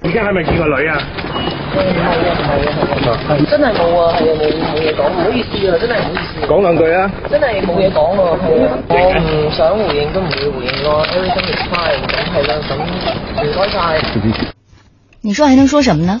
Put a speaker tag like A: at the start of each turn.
A: 而家係咪
B: 見個女啊？係
A: 啊係啊係啊係啊，真係冇啊，係啊冇冇嘢，講唔好意思啊，
B: 真係唔好意思啊。講兩句啊！
A: 真係冇嘢講咯，係啊。我唔想回應
C: 都唔會回應
A: 咯啊，Everything is fine。咁係啦，咁唔該晒。
D: 你說還能說什麼呢？